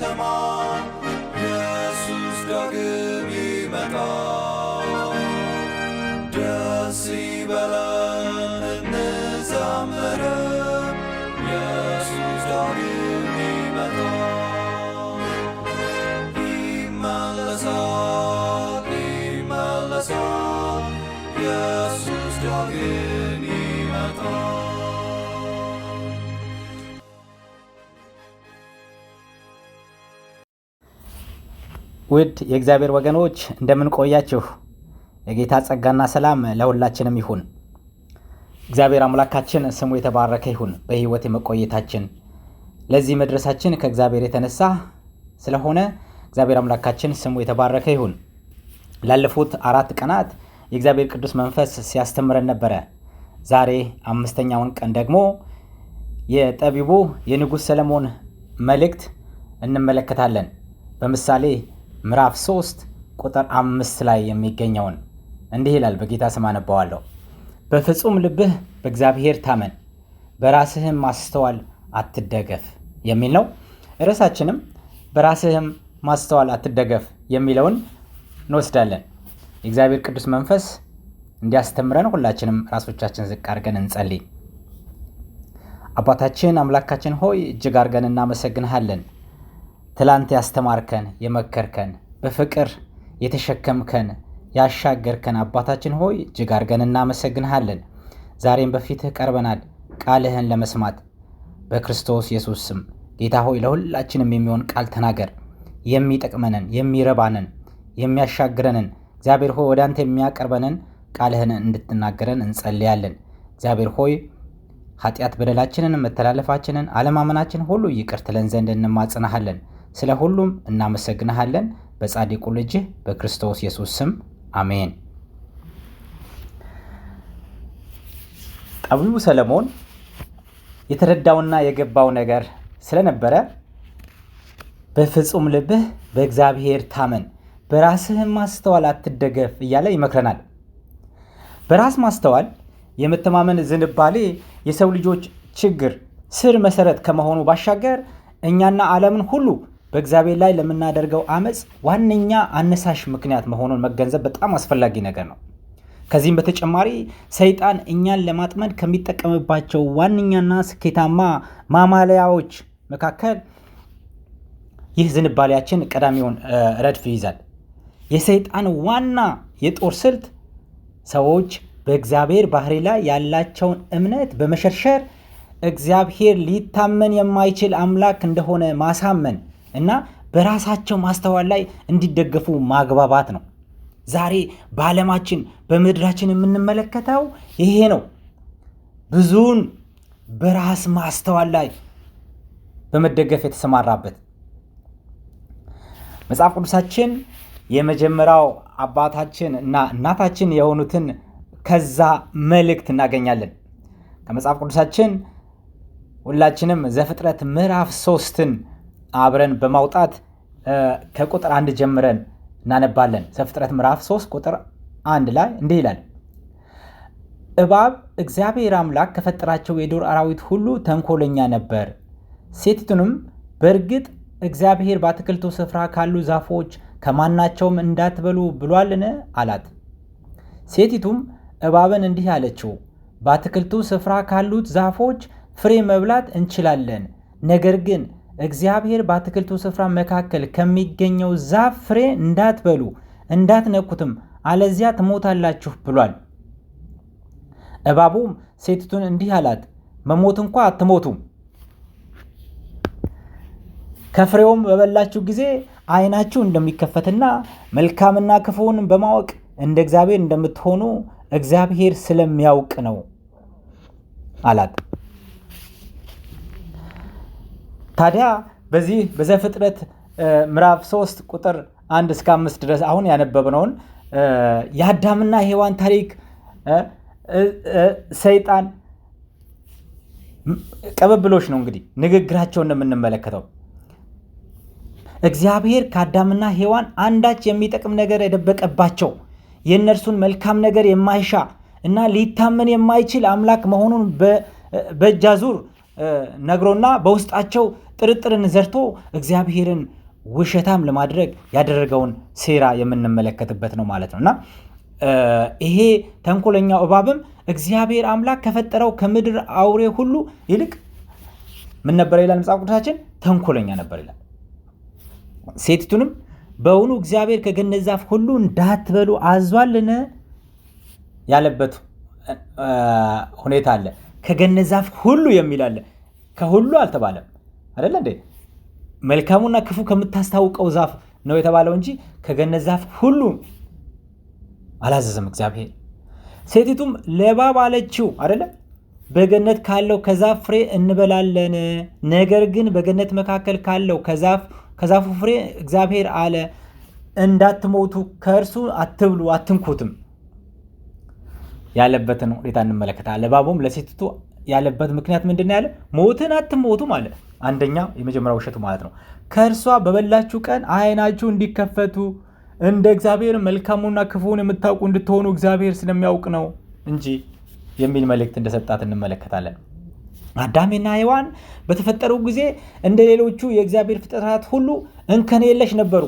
on. ውድ የእግዚአብሔር ወገኖች እንደምን ቆያችሁ? የጌታ ጸጋና ሰላም ለሁላችንም ይሁን። እግዚአብሔር አምላካችን ስሙ የተባረከ ይሁን። በህይወት የመቆየታችን ለዚህ መድረሳችን ከእግዚአብሔር የተነሳ ስለሆነ እግዚአብሔር አምላካችን ስሙ የተባረከ ይሁን። ላለፉት አራት ቀናት የእግዚአብሔር ቅዱስ መንፈስ ሲያስተምረን ነበረ። ዛሬ አምስተኛውን ቀን ደግሞ የጠቢቡ የንጉሥ ሰለሞን መልእክት እንመለከታለን። በምሳሌ ምዕራፍ 3 ቁጥር አምስት ላይ የሚገኘውን እንዲህ ይላል። በጌታ ስም አነባዋለሁ። በፍጹም ልብህ በእግዚአብሔር ታመን፣ በራስህም ማስተዋል አትደገፍ የሚል ነው። ርዕሳችንም በራስህም ማስተዋል አትደገፍ የሚለውን እንወስዳለን። የእግዚአብሔር ቅዱስ መንፈስ እንዲያስተምረን ሁላችንም ራሶቻችን ዝቅ አድርገን እንጸልይ። አባታችን አምላካችን ሆይ እጅግ አድርገን እናመሰግንሃለን። ትላንት ያስተማርከን የመከርከን በፍቅር የተሸከምከን ያሻገርከን አባታችን ሆይ እጅግ አድርገን እናመሰግንሃለን። ዛሬም በፊትህ ቀርበናል ቃልህን ለመስማት በክርስቶስ ኢየሱስ ስም ጌታ ሆይ ለሁላችንም የሚሆን ቃል ተናገር። የሚጠቅመንን፣ የሚረባንን፣ የሚያሻግረንን እግዚአብሔር ሆይ ወደ አንተ የሚያቀርበንን ቃልህን እንድትናገረን እንጸልያለን። እግዚአብሔር ሆይ ኃጢአት በደላችንን፣ መተላለፋችንን፣ አለማመናችን ሁሉ ይቅር ትለን ዘንድ እንማጽናሃለን። ስለ ሁሉም እናመሰግንሃለን በጻድቁ ልጅህ በክርስቶስ ኢየሱስ ስም አሜን። ጠቢቡ ሰለሞን የተረዳውና የገባው ነገር ስለነበረ በፍጹም ልብህ በእግዚአብሔር ታመን፣ በራስህም ማስተዋል አትደገፍ እያለ ይመክረናል። በራስ ማስተዋል የመተማመን ዝንባሌ የሰው ልጆች ችግር ስር መሰረት ከመሆኑ ባሻገር እኛና ዓለምን ሁሉ በእግዚአብሔር ላይ ለምናደርገው አመፅ ዋነኛ አነሳሽ ምክንያት መሆኑን መገንዘብ በጣም አስፈላጊ ነገር ነው። ከዚህም በተጨማሪ ሰይጣን እኛን ለማጥመድ ከሚጠቀምባቸው ዋነኛና ስኬታማ ማማለያዎች መካከል ይህ ዝንባሌያችን ቀዳሚውን ረድፍ ይይዛል። የሰይጣን ዋና የጦር ስልት ሰዎች በእግዚአብሔር ባህሪ ላይ ያላቸውን እምነት በመሸርሸር እግዚአብሔር ሊታመን የማይችል አምላክ እንደሆነ ማሳመን እና በራሳቸው ማስተዋል ላይ እንዲደገፉ ማግባባት ነው። ዛሬ በዓለማችን በምድራችን የምንመለከተው ይሄ ነው። ብዙውን በራስ ማስተዋል ላይ በመደገፍ የተሰማራበት መጽሐፍ ቅዱሳችን የመጀመሪያው አባታችን እና እናታችን የሆኑትን ከዛ መልእክት እናገኛለን። ከመጽሐፍ ቅዱሳችን ሁላችንም ዘፍጥረት ምዕራፍ ሶስትን አብረን በማውጣት ከቁጥር አንድ ጀምረን እናነባለን። ዘፍጥረት ምዕራፍ 3 ቁጥር አንድ ላይ እንዲህ ይላል እባብ እግዚአብሔር አምላክ ከፈጠራቸው የዱር አራዊት ሁሉ ተንኮለኛ ነበር። ሴቲቱንም በእርግጥ እግዚአብሔር በአትክልቱ ስፍራ ካሉ ዛፎች ከማናቸውም እንዳትበሉ ብሏልን? አላት። ሴቲቱም እባብን እንዲህ አለችው፣ በአትክልቱ ስፍራ ካሉት ዛፎች ፍሬ መብላት እንችላለን፣ ነገር ግን እግዚአብሔር በአትክልቱ ስፍራ መካከል ከሚገኘው ዛፍ ፍሬ እንዳትበሉ እንዳትነኩትም፣ አለዚያ ትሞታላችሁ ብሏል። እባቡም ሴቲቱን እንዲህ አላት፣ መሞት እንኳ አትሞቱም። ከፍሬውም በበላችሁ ጊዜ ዓይናችሁ እንደሚከፈትና መልካምና ክፉውን በማወቅ እንደ እግዚአብሔር እንደምትሆኑ እግዚአብሔር ስለሚያውቅ ነው አላት። ታዲያ በዚህ በዘፍጥረት ምዕራፍ 3 ቁጥር 1 እስከ 5 ድረስ አሁን ያነበብነውን የአዳምና ሔዋን ታሪክ ሰይጣን ቀበብሎች ነው እንግዲህ ንግግራቸውን ነው የምንመለከተው። እግዚአብሔር ከአዳምና ሔዋን አንዳች የሚጠቅም ነገር የደበቀባቸው የእነርሱን መልካም ነገር የማይሻ እና ሊታመን የማይችል አምላክ መሆኑን በእጃ ዙር ነግሮና በውስጣቸው ጥርጥርን ዘርቶ እግዚአብሔርን ውሸታም ለማድረግ ያደረገውን ሴራ የምንመለከትበት ነው ማለት ነው እና ይሄ ተንኮለኛው እባብም እግዚአብሔር አምላክ ከፈጠረው ከምድር አውሬ ሁሉ ይልቅ ምን ነበረ ይላል መጽሐፍ ቅዱሳችን? ተንኮለኛ ነበር ይላል። ሴቲቱንም በውኑ እግዚአብሔር ከገነት ዛፍ ሁሉ እንዳትበሉ አዟልን ያለበት ሁኔታ አለ። ከገነት ዛፍ ሁሉ የሚል አለ። ከሁሉ አልተባለም አይደለ እንዴ? መልካሙና ክፉ ከምታስታውቀው ዛፍ ነው የተባለው እንጂ ከገነት ዛፍ ሁሉ አላዘዘም እግዚአብሔር። ሴቲቱም ለእባብ አለችው አይደለ? በገነት ካለው ከዛፍ ፍሬ እንበላለን፣ ነገር ግን በገነት መካከል ካለው ከዛፉ ፍሬ እግዚአብሔር አለ እንዳትሞቱ ከእርሱ አትብሉ አትንኩትም። ያለበትን ሁኔታ እንመለከታለን። እባቡም ለሴቲቱ ያለበት ምክንያት ምንድን ነው? ያለ ሞትን አትሞቱ ማለት አንደኛ የመጀመሪያ ውሸቱ ማለት ነው። ከእርሷ በበላችሁ ቀን አይናችሁ እንዲከፈቱ እንደ እግዚአብሔር መልካሙና ክፉን የምታውቁ እንድትሆኑ እግዚአብሔር ስለሚያውቅ ነው እንጂ የሚል መልእክት እንደሰጣት እንመለከታለን። አዳሜና ሔዋን በተፈጠሩ ጊዜ እንደ ሌሎቹ የእግዚአብሔር ፍጥረታት ሁሉ እንከን የለሽ ነበሩ።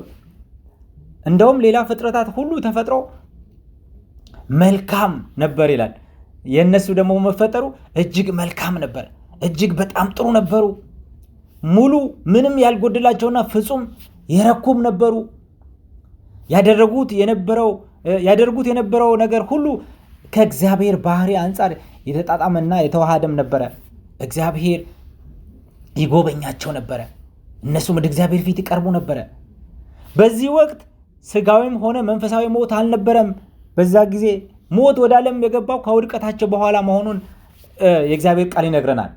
እንደውም ሌላ ፍጥረታት ሁሉ ተፈጥሮ መልካም ነበር ይላል። የእነሱ ደግሞ መፈጠሩ እጅግ መልካም ነበር፣ እጅግ በጣም ጥሩ ነበሩ። ሙሉ ምንም ያልጎደላቸውና ፍጹም የረኩም ነበሩ። ያደረጉት የነበረው ያደርጉት የነበረው ነገር ሁሉ ከእግዚአብሔር ባህሪ አንጻር የተጣጣመና የተዋሃደም ነበረ። እግዚአብሔር ይጎበኛቸው ነበረ። እነሱም ወደ እግዚአብሔር ፊት ይቀርቡ ነበረ። በዚህ ወቅት ስጋዊም ሆነ መንፈሳዊ ሞት አልነበረም። በዛ ጊዜ ሞት ወደ ዓለም የገባው ከውድቀታቸው በኋላ መሆኑን የእግዚአብሔር ቃል ይነግረናል።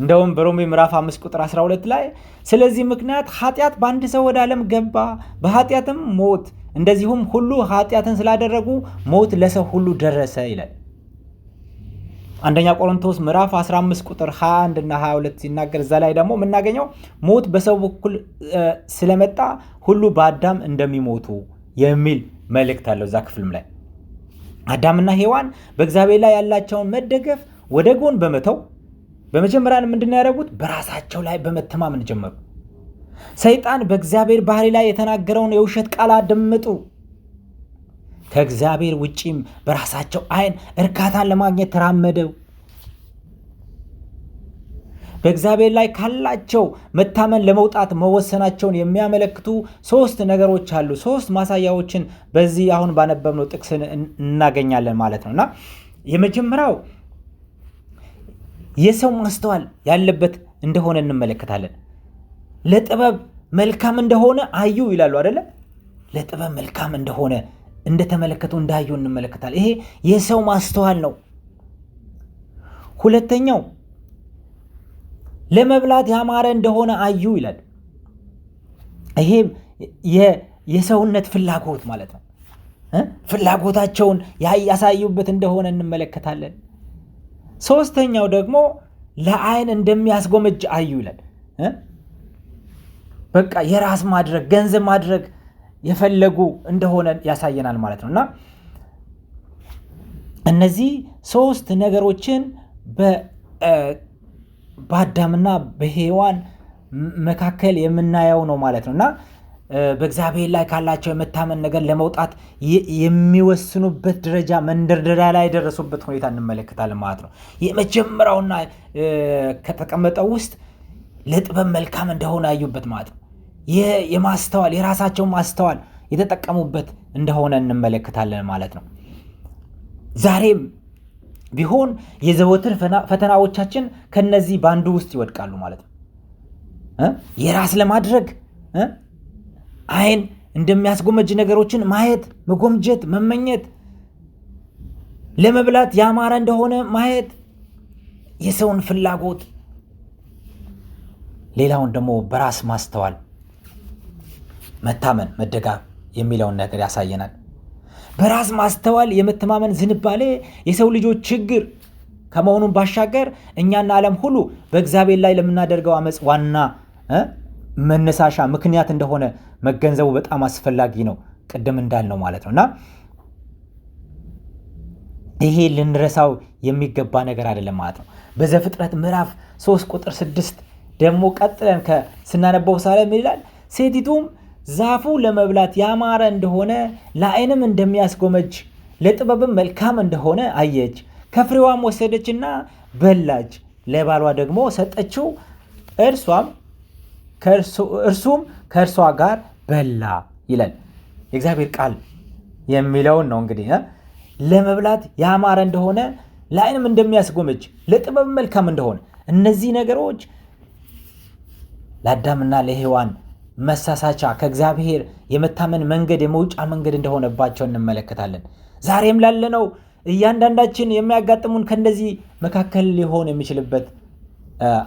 እንደውም በሮሜ ምዕራፍ 5 ቁጥር 12 ላይ ስለዚህ ምክንያት ኃጢአት በአንድ ሰው ወደ ዓለም ገባ፣ በኃጢአትም ሞት፣ እንደዚሁም ሁሉ ኃጢአትን ስላደረጉ ሞት ለሰው ሁሉ ደረሰ ይላል። አንደኛ ቆሮንቶስ ምዕራፍ 15 ቁጥር 21 እና 22 ሲናገር እዛ ላይ ደግሞ የምናገኘው ሞት በሰው በኩል ስለመጣ ሁሉ በአዳም እንደሚሞቱ የሚል መልእክት አለው እዛ ክፍልም ላይ አዳምና ሔዋን በእግዚአብሔር ላይ ያላቸውን መደገፍ ወደ ጎን በመተው በመጀመሪያ ምንድን ያደረጉት? በራሳቸው ላይ በመተማመን ጀመሩ። ሰይጣን በእግዚአብሔር ባህሪ ላይ የተናገረውን የውሸት ቃል አደመጡ። ከእግዚአብሔር ውጪም በራሳቸው አይን እርካታን ለማግኘት ተራመደው። በእግዚአብሔር ላይ ካላቸው መታመን ለመውጣት መወሰናቸውን የሚያመለክቱ ሶስት ነገሮች አሉ። ሶስት ማሳያዎችን በዚህ አሁን ባነበብነው ጥቅስ እናገኛለን ማለት ነው እና የመጀመሪያው የሰው ማስተዋል ያለበት እንደሆነ እንመለከታለን። ለጥበብ መልካም እንደሆነ አዩ ይላሉ አደለ? ለጥበብ መልካም እንደሆነ እንደተመለከቱ እንዳዩ እንመለከታለን። ይሄ የሰው ማስተዋል ነው። ሁለተኛው ለመብላት ያማረ እንደሆነ አዩ ይላል። ይሄም የሰውነት ፍላጎት ማለት ነው። ፍላጎታቸውን ያሳዩበት እንደሆነ እንመለከታለን። ሶስተኛው ደግሞ ለአይን እንደሚያስጎመጅ አዩ ይላል። በቃ የራስ ማድረግ ገንዘብ ማድረግ የፈለጉ እንደሆነ ያሳየናል ማለት ነው እና እነዚህ ሶስት ነገሮችን በአዳምና በሔዋን መካከል የምናየው ነው ማለት ነው እና በእግዚአብሔር ላይ ካላቸው የመታመን ነገር ለመውጣት የሚወስኑበት ደረጃ መንደርደሪያ ላይ የደረሱበት ሁኔታ እንመለከታለን ማለት ነው። የመጀመሪያውና ከተቀመጠው ውስጥ ለጥበብ መልካም እንደሆነ ያዩበት ማለት ነው። ይህ የማስተዋል የራሳቸው ማስተዋል የተጠቀሙበት እንደሆነ እንመለከታለን ማለት ነው። ዛሬም ቢሆን የዘወትር ፈተናዎቻችን ከነዚህ ባንዱ ውስጥ ይወድቃሉ ማለት ነው። የራስ ለማድረግ አይን እንደሚያስጎመጅ ነገሮችን ማየት፣ መጎምጀት፣ መመኘት፣ ለመብላት ያማረ እንደሆነ ማየት፣ የሰውን ፍላጎት፣ ሌላውን ደግሞ በራስ ማስተዋል፣ መታመን፣ መደጋ የሚለውን ነገር ያሳየናል። በራስ ማስተዋል የመተማመን ዝንባሌ የሰው ልጆች ችግር ከመሆኑን ባሻገር እኛና ዓለም ሁሉ በእግዚአብሔር ላይ ለምናደርገው አመፅ ዋና መነሳሻ ምክንያት እንደሆነ መገንዘቡ በጣም አስፈላጊ ነው። ቅድም እንዳልነው ማለት ነው እና ይሄ ልንረሳው የሚገባ ነገር አይደለም ማለት ነው። በዘፍጥረት ምዕራፍ 3 ቁጥር 6 ደግሞ ቀጥለን ስናነበው ሳለ ምን ይላል? ሴቲቱም ዛፉ ለመብላት ያማረ እንደሆነ ለዓይንም እንደሚያስጎመጅ ለጥበብም መልካም እንደሆነ አየች። ከፍሬዋም ወሰደችና በላች፣ ለባሏ ደግሞ ሰጠችው፣ እርሱም ከእርሷ ጋር በላ ይላል የእግዚአብሔር ቃል የሚለውን ነው እንግዲህ ለመብላት ያማረ እንደሆነ ለዓይንም እንደሚያስጎመጅ ለጥበብም መልካም እንደሆነ እነዚህ ነገሮች ለአዳምና ለሔዋን መሳሳቻ ከእግዚአብሔር የመታመን መንገድ የመውጫ መንገድ እንደሆነባቸው እንመለከታለን። ዛሬም ላለነው እያንዳንዳችን የሚያጋጥሙን ከእንደዚህ መካከል ሊሆን የሚችልበት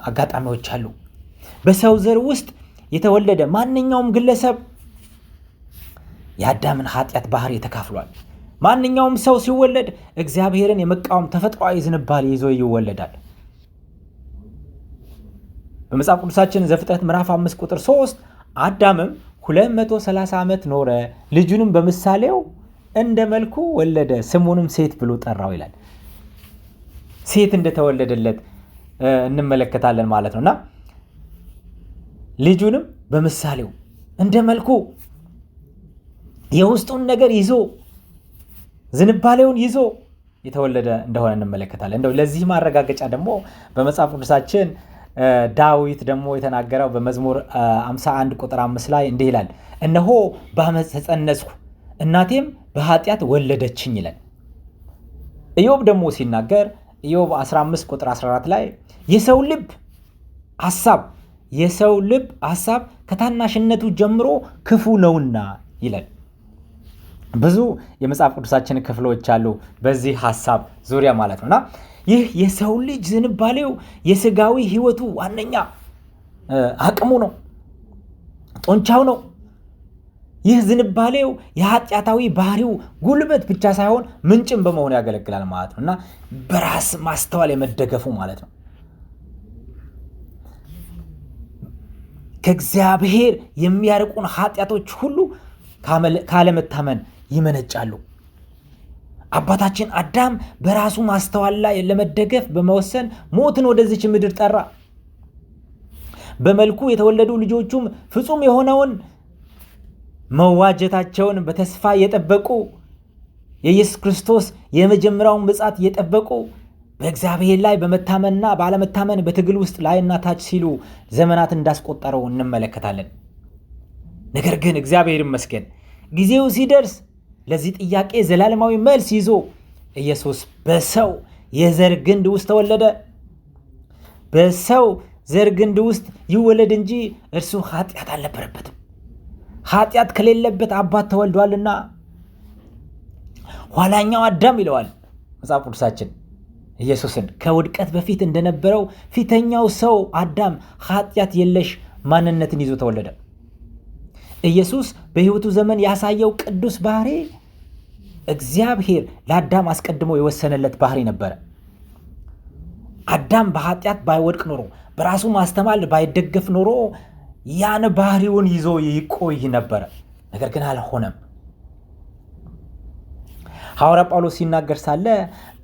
አጋጣሚዎች አሉ። በሰው ዘር ውስጥ የተወለደ ማንኛውም ግለሰብ የአዳምን ኃጢአት ባህሪ ተካፍሏል። ማንኛውም ሰው ሲወለድ እግዚአብሔርን የመቃወም ተፈጥሯዊ ዝንባሌ ይዞ ይወለዳል። በመጽሐፍ ቅዱሳችን ዘፍጥረት ምዕራፍ 5 ቁጥር 3 አዳምም 230 ዓመት ኖረ፣ ልጁንም በምሳሌው እንደ መልኩ ወለደ፣ ስሙንም ሴት ብሎ ጠራው ይላል። ሴት እንደተወለደለት እንመለከታለን ማለት ነው እና ልጁንም በምሳሌው እንደ መልኩ የውስጡን ነገር ይዞ ዝንባሌውን ይዞ የተወለደ እንደሆነ እንመለከታለን። እንደው ለዚህ ማረጋገጫ ደግሞ በመጽሐፍ ቅዱሳችን ዳዊት ደግሞ የተናገረው በመዝሙር 51 ቁጥር 5 ላይ እንዲህ ይላል፣ እነሆ በአመፅ ተጸነስኩ እናቴም በኃጢአት ወለደችኝ ይላል። ኢዮብ ደግሞ ሲናገር ኢዮብ 15 ቁጥር 14 ላይ የሰው ልብ ሐሳብ የሰው ልብ ሐሳብ ከታናሽነቱ ጀምሮ ክፉ ነውና ይላል። ብዙ የመጽሐፍ ቅዱሳችን ክፍሎች አሉ በዚህ ሐሳብ ዙሪያ ማለት ነውና ይህ የሰው ልጅ ዝንባሌው የስጋዊ ህይወቱ ዋነኛ አቅሙ ነው፣ ጡንቻው ነው። ይህ ዝንባሌው የኃጢአታዊ ባህሪው ጉልበት ብቻ ሳይሆን ምንጭም በመሆኑ ያገለግላል ማለት ነው እና በራስ ማስተዋል የመደገፉ ማለት ነው ከእግዚአብሔር የሚያርቁን ኃጢአቶች ሁሉ ካለመታመን ይመነጫሉ። አባታችን አዳም በራሱ ማስተዋል ላይ ለመደገፍ በመወሰን ሞትን ወደዚች ምድር ጠራ። በመልኩ የተወለዱ ልጆቹም ፍጹም የሆነውን መዋጀታቸውን በተስፋ የጠበቁ የኢየሱስ ክርስቶስ የመጀመሪያውን ምጻት የጠበቁ በእግዚአብሔር ላይ በመታመንና ባለመታመን በትግል ውስጥ ላይና ታች ሲሉ ዘመናት እንዳስቆጠረው እንመለከታለን። ነገር ግን እግዚአብሔር ይመስገን ጊዜው ሲደርስ ለዚህ ጥያቄ ዘላለማዊ መልስ ይዞ ኢየሱስ በሰው የዘር ግንድ ውስጥ ተወለደ። በሰው ዘር ግንድ ውስጥ ይወለድ እንጂ እርሱ ኃጢአት አልነበረበትም። ኃጢአት ከሌለበት አባት ተወልዷልና ኋላኛው አዳም ይለዋል መጽሐፍ ቅዱሳችን ኢየሱስን ከውድቀት በፊት እንደነበረው ፊተኛው ሰው አዳም ኃጢአት የለሽ ማንነትን ይዞ ተወለደ። ኢየሱስ በሕይወቱ ዘመን ያሳየው ቅዱስ ባህሪ እግዚአብሔር ለአዳም አስቀድሞ የወሰነለት ባህሪ ነበረ። አዳም በኃጢአት ባይወድቅ ኖሮ በራሱ ማስተማል ባይደገፍ ኖሮ ያን ባህሪውን ይዞ ይቆይ ነበረ። ነገር ግን አልሆነም። ሐዋርያ ጳውሎስ ሲናገር ሳለ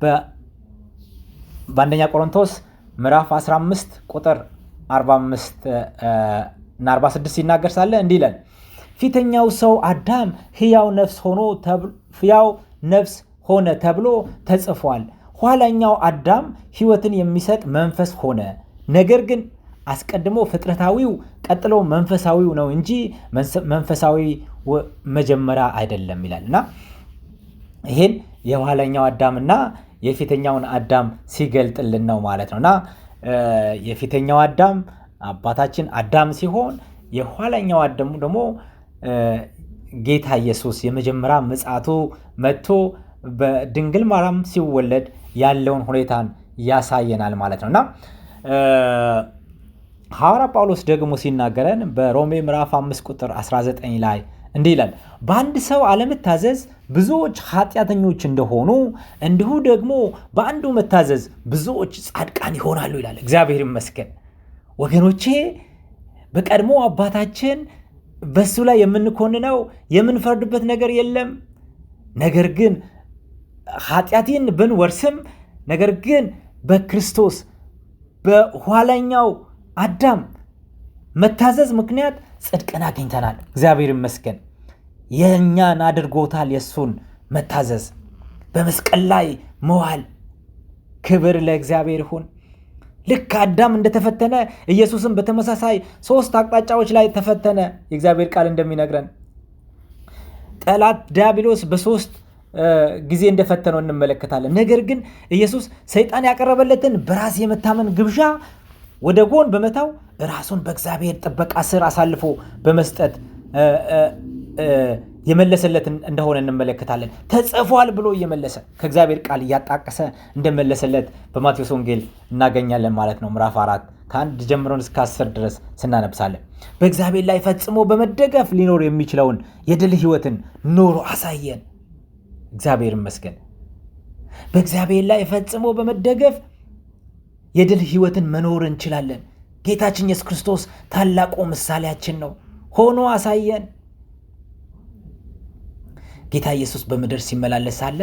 በአንደኛ ቆሮንቶስ ምዕራፍ 15 ቁጥር 45 እና 46 ሲናገር ሳለ እንዲህ ይላል ፊተኛው ሰው አዳም ሕያው ነፍስ ሆኖ ሕያው ነፍስ ሆነ ተብሎ ተጽፏል። ኋላኛው አዳም ሕይወትን የሚሰጥ መንፈስ ሆነ። ነገር ግን አስቀድሞ ፍጥረታዊው ቀጥሎ መንፈሳዊው ነው እንጂ መንፈሳዊ መጀመሪያ አይደለም ይላል እና ይህን የኋለኛው አዳምና የፊተኛውን አዳም ሲገልጥልን ነው ማለት ነው እና የፊተኛው አዳም አባታችን አዳም ሲሆን የኋለኛው አዳም ደግሞ ጌታ ኢየሱስ የመጀመሪያ ምጽአቱ መጥቶ በድንግል ማርያም ሲወለድ ያለውን ሁኔታን ያሳየናል ማለት ነው እና ሐዋርያ ጳውሎስ ደግሞ ሲናገረን በሮሜ ምዕራፍ 5 ቁጥር 19 ላይ እንዲህ ይላል፣ በአንድ ሰው አለመታዘዝ ብዙዎች ኃጢአተኞች እንደሆኑ እንዲሁ ደግሞ በአንዱ መታዘዝ ብዙዎች ጻድቃን ይሆናሉ ይላል። እግዚአብሔር ይመስገን ወገኖቼ በቀድሞ አባታችን በሱ ላይ የምንኮንነው የምንፈርድበት ነገር የለም። ነገር ግን ኃጢአቴን ብንወርስም ነገር ግን በክርስቶስ በኋለኛው አዳም መታዘዝ ምክንያት ጽድቅን አግኝተናል። እግዚአብሔር ይመስገን። የእኛን አድርጎታል። የእሱን መታዘዝ በመስቀል ላይ መዋል። ክብር ለእግዚአብሔር ይሁን። ልክ አዳም እንደተፈተነ ኢየሱስም በተመሳሳይ ሶስት አቅጣጫዎች ላይ ተፈተነ። የእግዚአብሔር ቃል እንደሚነግረን ጠላት ዲያብሎስ በሶስት ጊዜ እንደፈተነው እንመለከታለን። ነገር ግን ኢየሱስ ሰይጣን ያቀረበለትን በራስ የመታመን ግብዣ ወደ ጎን በመታው ራሱን በእግዚአብሔር ጥበቃ ስር አሳልፎ በመስጠት የመለሰለት እንደሆነ እንመለከታለን። ተጽፏል ብሎ እየመለሰ ከእግዚአብሔር ቃል እያጣቀሰ እንደመለሰለት በማቴዎስ ወንጌል እናገኛለን ማለት ነው። ምዕራፍ አራት ከአንድ ጀምረን እስከ አስር ድረስ ስናነብሳለን። በእግዚአብሔር ላይ ፈጽሞ በመደገፍ ሊኖር የሚችለውን የድል ህይወትን ኖሮ አሳየን። እግዚአብሔር ይመስገን። በእግዚአብሔር ላይ ፈጽሞ በመደገፍ የድል ህይወትን መኖር እንችላለን። ጌታችን ኢየሱስ ክርስቶስ ታላቁ ምሳሌያችን ነው ሆኖ አሳየን። ጌታ ኢየሱስ በምድር ሲመላለስ አለ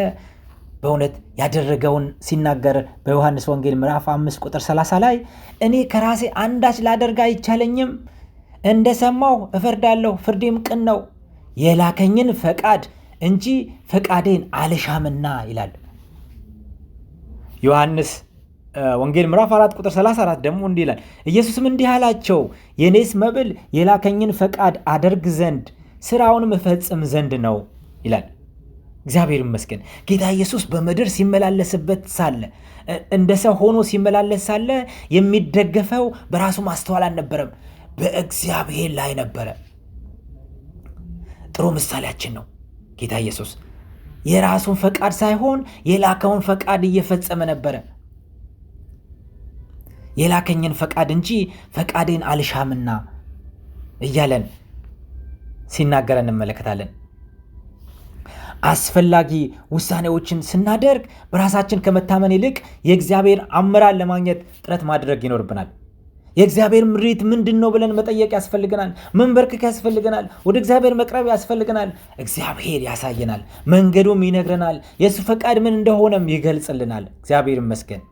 በእውነት ያደረገውን ሲናገር በዮሐንስ ወንጌል ምዕራፍ 5 ቁጥር 30 ላይ እኔ ከራሴ አንዳች ላደርግ አይቻለኝም፣ እንደሰማው እፈርዳለሁ፣ ፍርዴም ቅን ነው፣ የላከኝን ፈቃድ እንጂ ፈቃዴን አልሻምና ይላል። ዮሐንስ ወንጌል ምዕራፍ 4 ቁጥር 34 ደግሞ እንዲህ ይላል፣ ኢየሱስም እንዲህ አላቸው፣ የእኔስ መብል የላከኝን ፈቃድ አደርግ ዘንድ ስራውንም እፈጽም ዘንድ ነው ይላል። እግዚአብሔር ይመስገን። ጌታ ኢየሱስ በምድር ሲመላለስበት ሳለ እንደ ሰው ሆኖ ሲመላለስ ሳለ የሚደገፈው በራሱ ማስተዋል አልነበረም፣ በእግዚአብሔር ላይ ነበረ። ጥሩ ምሳሌያችን ነው ጌታ ኢየሱስ። የራሱን ፈቃድ ሳይሆን የላከውን ፈቃድ እየፈጸመ ነበረ። የላከኝን ፈቃድ እንጂ ፈቃዴን አልሻምና እያለን ሲናገረ እንመለከታለን። አስፈላጊ ውሳኔዎችን ስናደርግ በራሳችን ከመታመን ይልቅ የእግዚአብሔር አመራር ለማግኘት ጥረት ማድረግ ይኖርብናል። የእግዚአብሔር ምሪት ምንድን ነው ብለን መጠየቅ ያስፈልገናል። መንበርክክ ያስፈልገናል። ወደ እግዚአብሔር መቅረብ ያስፈልገናል። እግዚአብሔር ያሳየናል፣ መንገዱም ይነግረናል። የእሱ ፈቃድ ምን እንደሆነም ይገልጽልናል። እግዚአብሔር ይመስገን።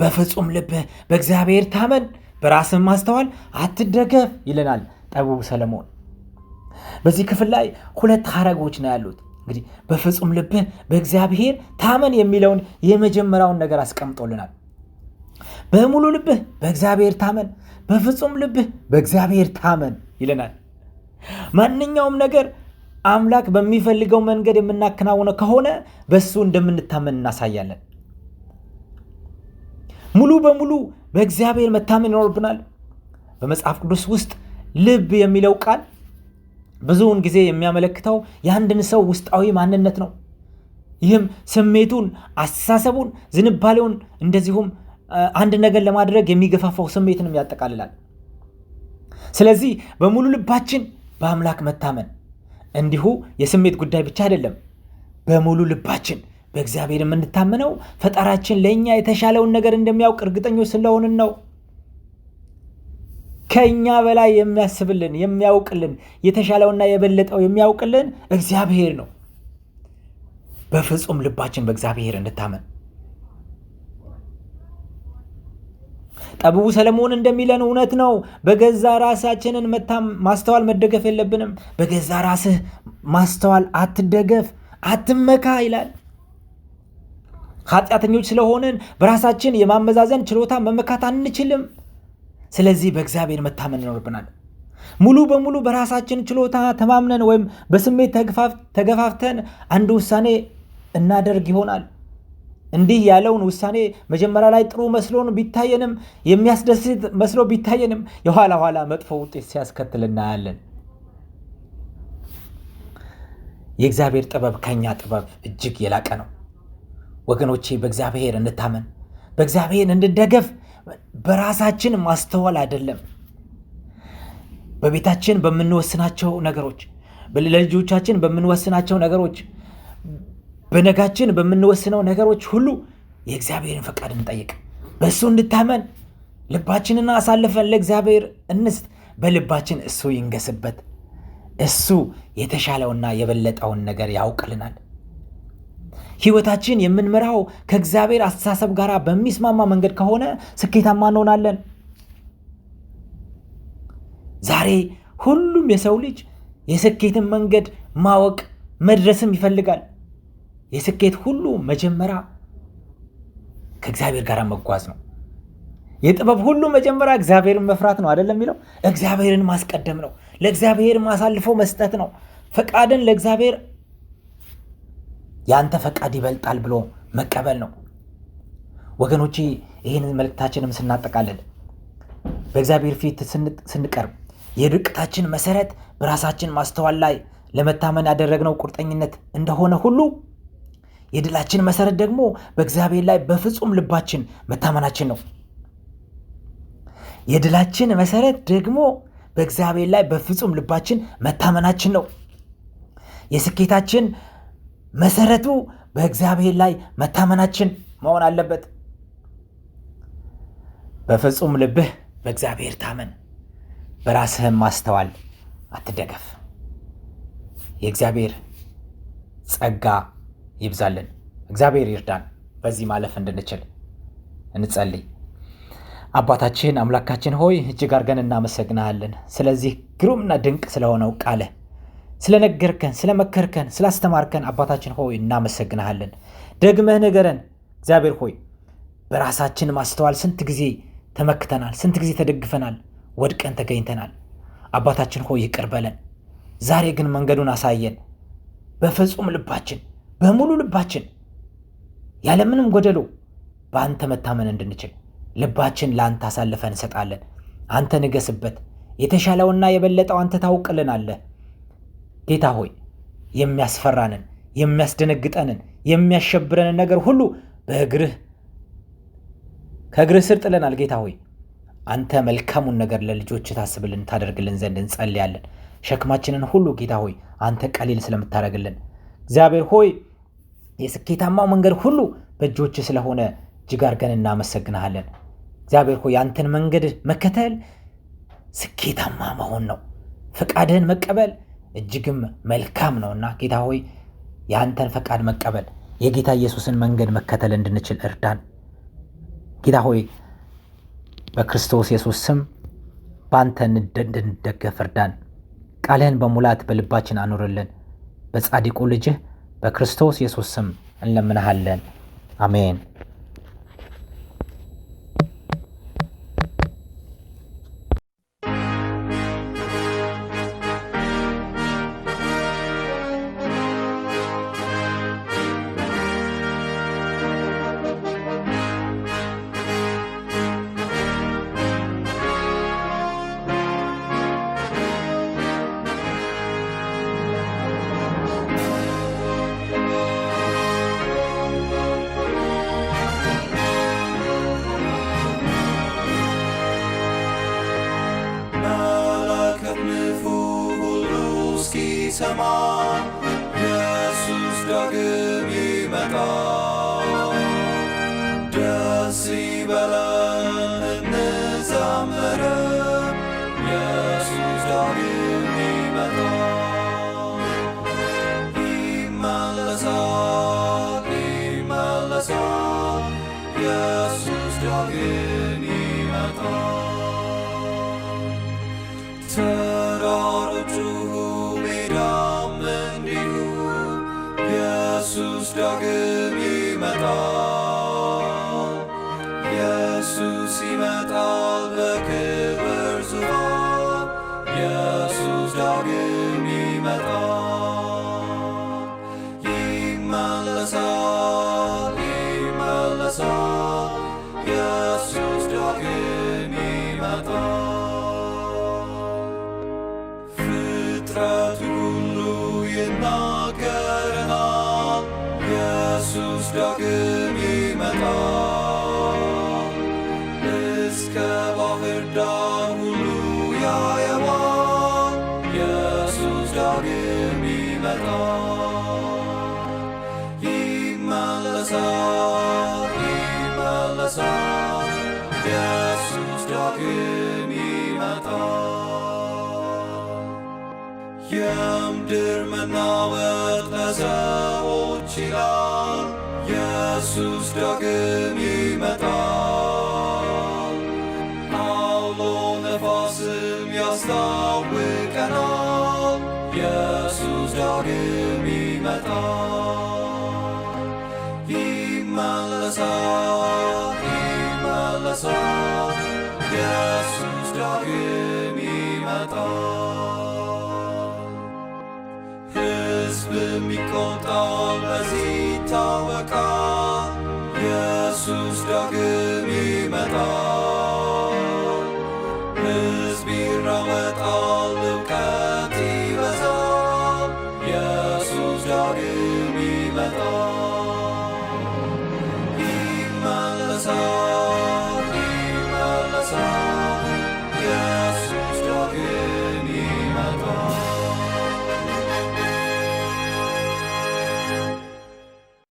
በፍጹም ልብህ በእግዚአብሔር ታመን፣ በራስም ማስተዋል አትደገፍ ይለናል ጠቢቡ ሰለሞን። በዚህ ክፍል ላይ ሁለት ሐረጎች ነው ያሉት። እንግዲህ በፍጹም ልብህ በእግዚአብሔር ታመን የሚለውን የመጀመሪያውን ነገር አስቀምጦልናል። በሙሉ ልብህ በእግዚአብሔር ታመን፣ በፍጹም ልብህ በእግዚአብሔር ታመን ይለናል። ማንኛውም ነገር አምላክ በሚፈልገው መንገድ የምናከናውነው ከሆነ በሱ እንደምንታመን እናሳያለን። ሙሉ በሙሉ በእግዚአብሔር መታመን ይኖርብናል። በመጽሐፍ ቅዱስ ውስጥ ልብ የሚለው ቃል ብዙውን ጊዜ የሚያመለክተው የአንድን ሰው ውስጣዊ ማንነት ነው። ይህም ስሜቱን፣ አስተሳሰቡን፣ ዝንባሌውን እንደዚሁም አንድ ነገር ለማድረግ የሚገፋፋው ስሜትንም ያጠቃልላል። ስለዚህ በሙሉ ልባችን በአምላክ መታመን እንዲሁ የስሜት ጉዳይ ብቻ አይደለም። በሙሉ ልባችን በእግዚአብሔር የምንታመነው ፈጣራችን ለእኛ የተሻለውን ነገር እንደሚያውቅ እርግጠኞች ስለሆንን ነው። ከእኛ በላይ የሚያስብልን የሚያውቅልን የተሻለውና የበለጠው የሚያውቅልን እግዚአብሔር ነው። በፍጹም ልባችን በእግዚአብሔር እንታመን። ጠቢቡ ሰለሞን እንደሚለን እውነት ነው። በገዛ ራሳችንን መታም ማስተዋል መደገፍ የለብንም። በገዛ ራስህ ማስተዋል አትደገፍ፣ አትመካ ይላል። ኃጢአተኞች ስለሆንን በራሳችን የማመዛዘን ችሎታ መመካት አንችልም። ስለዚህ በእግዚአብሔር መታመን ይኖርብናል። ሙሉ በሙሉ በራሳችን ችሎታ ተማምነን ወይም በስሜት ተገፋፍተን አንድ ውሳኔ እናደርግ ይሆናል። እንዲህ ያለውን ውሳኔ መጀመሪያ ላይ ጥሩ መስሎን ቢታየንም የሚያስደስት መስሎ ቢታየንም የኋላ ኋላ መጥፎ ውጤት ሲያስከትል እናያለን። የእግዚአብሔር ጥበብ ከኛ ጥበብ እጅግ የላቀ ነው። ወገኖቼ በእግዚአብሔር እንታመን፣ በእግዚአብሔር እንደገፍ። በራሳችን ማስተዋል አይደለም፣ በቤታችን በምንወስናቸው ነገሮች፣ ለልጆቻችን በምንወስናቸው ነገሮች፣ በነጋችን በምንወስነው ነገሮች ሁሉ የእግዚአብሔርን ፈቃድ እንጠይቅ። በእሱ እንድታመን ልባችንን አሳልፈን ለእግዚአብሔር እንስት በልባችን እሱ ይንገስበት። እሱ የተሻለውና የበለጠውን ነገር ያውቅልናል። ህይወታችን የምንመራው ከእግዚአብሔር አስተሳሰብ ጋር በሚስማማ መንገድ ከሆነ ስኬታማ እንሆናለን። ዛሬ ሁሉም የሰው ልጅ የስኬትን መንገድ ማወቅ መድረስም ይፈልጋል። የስኬት ሁሉ መጀመሪያ ከእግዚአብሔር ጋር መጓዝ ነው። የጥበብ ሁሉ መጀመሪያ እግዚአብሔርን መፍራት ነው አይደለም የሚለው እግዚአብሔርን ማስቀደም ነው። ለእግዚአብሔር ማሳልፎ መስጠት ነው። ፈቃድን ለእግዚአብሔር የአንተ ፈቃድ ይበልጣል ብሎ መቀበል ነው። ወገኖቼ ይህን መልእክታችንም ስናጠቃልል በእግዚአብሔር ፊት ስንቀርብ የድቅታችን መሰረት በራሳችን ማስተዋል ላይ ለመታመን ያደረግነው ቁርጠኝነት እንደሆነ ሁሉ የድላችን መሰረት ደግሞ በእግዚአብሔር ላይ በፍጹም ልባችን መታመናችን ነው። የድላችን መሰረት ደግሞ በእግዚአብሔር ላይ በፍጹም ልባችን መታመናችን ነው። የስኬታችን መሰረቱ በእግዚአብሔር ላይ መታመናችን መሆን አለበት። በፍጹም ልብህ በእግዚአብሔር ታመን፣ በራስህም ማስተዋል አትደገፍ። የእግዚአብሔር ጸጋ ይብዛልን። እግዚአብሔር ይርዳን በዚህ ማለፍ እንድንችል። እንጸልይ። አባታችን አምላካችን ሆይ እጅግ አድርገን እናመሰግናሃለን ስለዚህ ግሩምና ድንቅ ስለሆነው ቃልህ ስለነገርከን፣ ስለመከርከን፣ ስላስተማርከን አባታችን ሆይ እናመሰግናሃለን። ደግመህ ንገረን እግዚአብሔር ሆይ በራሳችን ማስተዋል ስንት ጊዜ ተመክተናል፣ ስንት ጊዜ ተደግፈናል፣ ወድቀን ተገኝተናል። አባታችን ሆይ ይቅር በለን። ዛሬ ግን መንገዱን አሳየን። በፍጹም ልባችን በሙሉ ልባችን ያለምንም ጎደሎ በአንተ መታመን እንድንችል ልባችን ለአንተ አሳልፈን እንሰጣለን። አንተ ንገስበት። የተሻለውና የበለጠው አንተ ታውቅልናለህ። ጌታ ሆይ የሚያስፈራንን፣ የሚያስደነግጠንን፣ የሚያሸብረንን ነገር ሁሉ በእግርህ ከእግርህ ስር ጥለናል። ጌታ ሆይ አንተ መልካሙን ነገር ለልጆች ታስብልን ታደርግልን ዘንድ እንጸልያለን። ሸክማችንን ሁሉ ጌታ ሆይ አንተ ቀሊል ስለምታደርግልን እግዚአብሔር ሆይ የስኬታማው መንገድ ሁሉ በእጆች ስለሆነ እጅግ አድርገን እናመሰግንሃለን። እግዚአብሔር ሆይ አንተን መንገድ መከተል ስኬታማ መሆን ነው። ፈቃድህን መቀበል እጅግም መልካም ነውና ጌታ ሆይ የአንተን ፈቃድ መቀበል የጌታ ኢየሱስን መንገድ መከተል እንድንችል እርዳን። ጌታ ሆይ በክርስቶስ ኢየሱስ ስም በአንተ እንድንደገፍ እርዳን። ቃልህን በሙላት በልባችን አኑርልን። በጻዲቁ ልጅህ በክርስቶስ ኢየሱስ ስም እንለምናሃለን አሜን። summer ይናገረናል። ኢየሱስ ዳግም ይመጣል። እስከ ባህር ዳር ሁሉ ያየዋል። ኢየሱስ ዳግም ይመጣል። ይመለሳል፣ ይመለሳል። ኢየሱስ ዳግም ይመጣል። Yeah. ምድር መናወጥ ለሰዎች ይላል። ኢየሱስ ዳግም ይመጣል። አውሎ ነፋስም ያስታውቀናል። ኢየሱስ ዳግም ይመጣል። ይመለሳል